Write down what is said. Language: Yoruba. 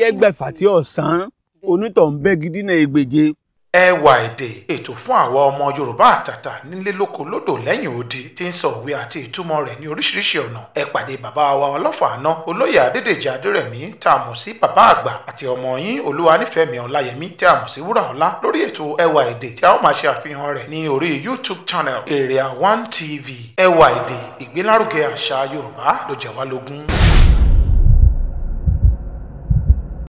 yẹ́gbẹ̀fà tí ọ̀sán onítọ̀ ń bẹ́ gidi náà ègbèje. ẹwà èdè ètò fún àwa ọmọ yorùbá àtàtà nílé lóko lódò lẹ́yìn odi tí ń sọ òwe àti ìtumọ̀ rẹ̀ ní oríṣiríṣi ọ̀nà ẹ pàdé bàbá wa ọlọ́fà àná olóyè adédèjì adérẹ̀mí tá a mọ̀ sí bàbá àgbà àti ọmọ yín olúwanífẹ̀mí ọláyẹmí tá a mọ̀ sí wúrà ọlá lórí ètò ẹwà èdè tí a ó máa ṣe àfihàn rẹ̀ ní orí youtube channel area one tv ẹwà èdè ìgbélárugẹ àṣà yorùbá ló jẹ wá lógún.